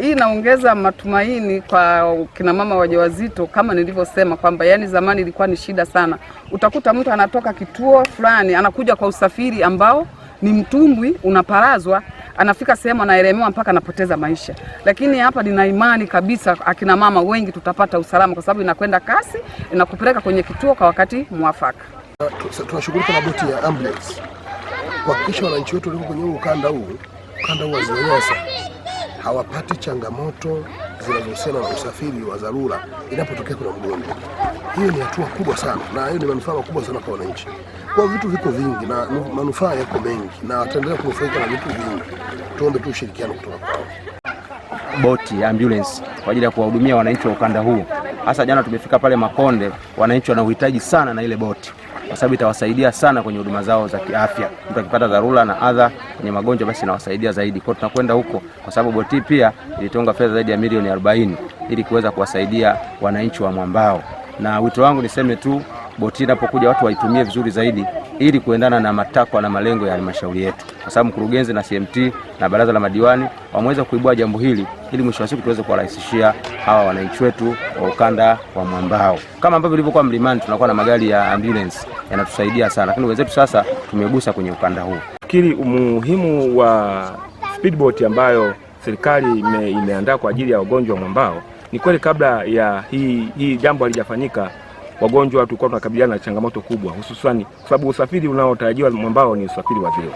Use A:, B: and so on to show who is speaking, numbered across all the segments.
A: Hii inaongeza matumaini kwa kina mama wajawazito, kama nilivyosema kwamba yani zamani ilikuwa ni shida sana. Utakuta mtu anatoka kituo fulani anakuja kwa usafiri ambao ni mtumbwi, unaparazwa, anafika sehemu anaelemewa mpaka anapoteza maisha. Lakini hapa nina imani kabisa akina mama wengi tutapata usalama, kwa sababu inakwenda kasi, inakupeleka kwenye kituo kwa wakati mwafaka.
B: Tunashughulika na boti ya ambulance kuhakikisha wananchi wetu walioko kwenye ukanda huu, ukanda huu wa hawapati changamoto zinazohusiana na usafiri wa dharura inapotokea kuna mgonjwa. Hiyo ni hatua kubwa sana, na hiyo ni manufaa makubwa sana kwa wananchi. Kwa vitu viko vingi na manufaa yako mengi, na wataendelea kunufaika na vitu vingi. Tuombe tu ushirikiano kutoka kwao.
C: Boti ambulance kwa ajili ya kuwahudumia wananchi wa ukanda huu, hasa jana tumefika pale Makonde, wananchi wanauhitaji sana na ile boti kwa sababu itawasaidia sana kwenye huduma zao za kiafya. Mtu akipata dharura na adha kwenye magonjwa, basi inawasaidia zaidi. Kwa tunakwenda huko kwa sababu boti pia ilitonga fedha zaidi ya milioni 40 ili kuweza kuwasaidia wananchi wa Mwambao, na wito wangu niseme tu boti inapokuja watu waitumie vizuri zaidi ili kuendana na matakwa na malengo ya halmashauri yetu, kwa sababu mkurugenzi na CMT na baraza la madiwani wameweza kuibua jambo hili ili mwisho wa siku tuweze kuwarahisishia hawa wananchi wetu wa ukanda wa mwambao. Kama ambavyo ilivyokuwa mlimani, tunakuwa na magari ya ambulance yanatusaidia sana, lakini wenzetu sasa tumegusa kwenye ukanda huu.
D: Fikiri umuhimu wa speedboat ambayo serikali imeandaa kwa ajili ya wagonjwa wa mwambao, ni kweli kabla ya hii, hii jambo halijafanyika wagonjwa tulikuwa tunakabiliana na changamoto kubwa, hususani kwa sababu usafiri unaotarajiwa mwambao ni usafiri wa ziwa.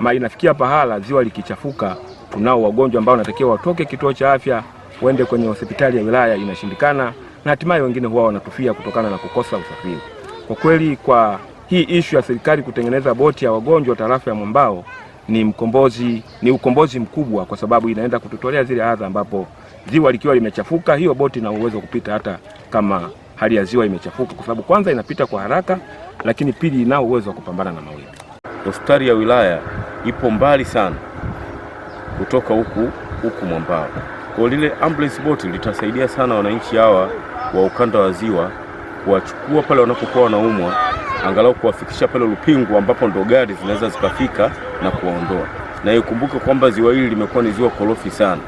D: Ma inafikia pahala ziwa likichafuka, tunao wagonjwa ambao wanatakiwa watoke kituo cha afya wende kwenye hospitali ya wilaya, inashindikana na hatimaye wengine huwa wanatufia kutokana na kukosa usafiri. Kwa kweli, kwa hii ishu ya serikali kutengeneza boti ya wagonjwa tarafa ya mwambao ni mkombozi, ni ukombozi mkubwa, kwa sababu inaenda kututolea zile adha ambapo ziwa likiwa limechafuka, hiyo boti ina uwezo kupita hata kama hali ya ziwa imechafuka, kwa sababu kwanza inapita kwa haraka, lakini pili inao uwezo wa kupambana na mawimbi.
E: Hospitali ya wilaya ipo mbali sana kutoka huku huku mwambao, kwa lile ambulance boat litasaidia sana wananchi hawa wa ukanda wa ziwa kuwachukua pale wanapokuwa wanaumwa, angalau kuwafikisha pale Lupingu ambapo ndo gari zinaweza zikafika na kuwaondoa. Na ikumbuke kwamba ziwa hili limekuwa ni ziwa korofi sana,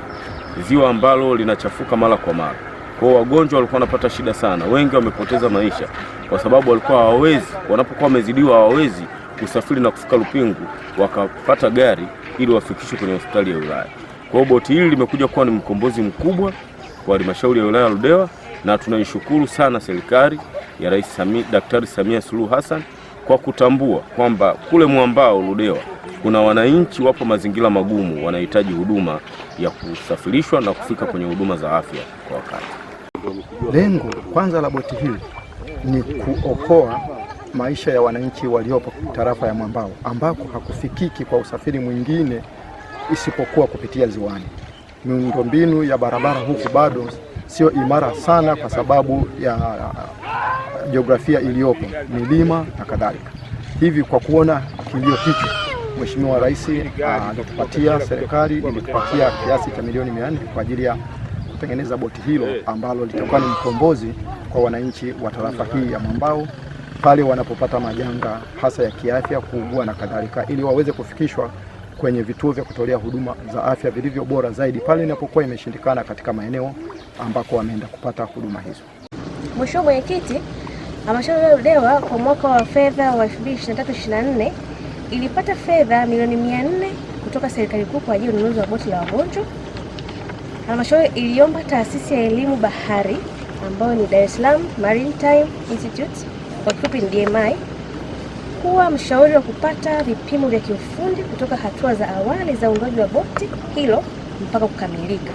E: ziwa ambalo linachafuka mara kwa mara. Kwa wagonjwa walikuwa wanapata shida sana, wengi wamepoteza maisha kwa sababu walikuwa hawawezi, wanapokuwa wamezidiwa hawawezi kusafiri na kufika Lupingu, wakapata gari ili wafikishwe kwenye hospitali ya wilaya. Kwa hiyo boti hili limekuja kuwa ni mkombozi mkubwa kwa halmashauri ya wilaya ya Ludewa, na tunaishukuru sana serikali ya Rais Samia, Daktari Samia Suluhu Hassan kwa kutambua kwamba kule mwambao Ludewa kuna wananchi wapo mazingira magumu, wanahitaji huduma ya kusafirishwa na kufika kwenye huduma za afya kwa wakati.
F: Lengo kwanza la boti hili ni kuokoa maisha ya wananchi waliopo tarafa ya Mwambao ambako hakufikiki kwa usafiri mwingine isipokuwa kupitia ziwani. Miundombinu ya barabara huku bado sio imara sana kwa sababu ya uh, jiografia iliyopo, milima na kadhalika. Hivi kwa kuona kilio hicho, Mheshimiwa Rais uh, alitupatia serikali ilitupatia kiasi cha milioni mia nne kwa ajili ya kutengeneza boti hilo ambalo litakuwa ni mkombozi kwa wananchi wa tarafa hii ya Mwambao pale wanapopata majanga hasa ya kiafya, kuugua na kadhalika, ili waweze kufikishwa kwenye vituo vya kutolea huduma za afya vilivyo bora zaidi pale inapokuwa imeshindikana katika maeneo ambako wameenda kupata huduma hizo.
G: Mheshimiwa Mwenyekiti, halmashauri ya Ludewa kwa mwaka wa fedha wa 2023 ilipata fedha milioni 400 kutoka serikali kuu kwa ajili ya ununuzi wa boti la wagonjwa Halmashauri iliomba taasisi ya elimu bahari ambayo ni Dar es Salaam Maritime Institute kwa kifupi ni DMI kuwa mshauri wa kupata vipimo vya kiufundi kutoka hatua za awali za uundaji wa boti hilo mpaka kukamilika.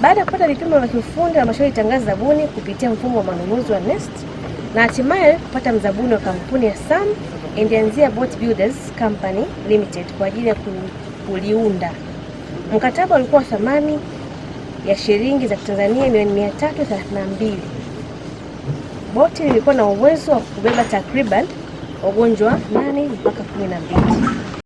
G: Baada ya kupata vipimo vya kiufundi, halmashauri itangaza zabuni kupitia mfumo wa manunuzi wa NeST na hatimaye kupata mzabuni wa kampuni ya Sam and Boat Builders Company Limited kwa ajili ya kuliunda. Mkataba ulikuwa thamani ya shilingi za Tanzania milioni 332. Boti lilikuwa na uwezo wa kubeba takriban wagonjwa 8 mpaka 12.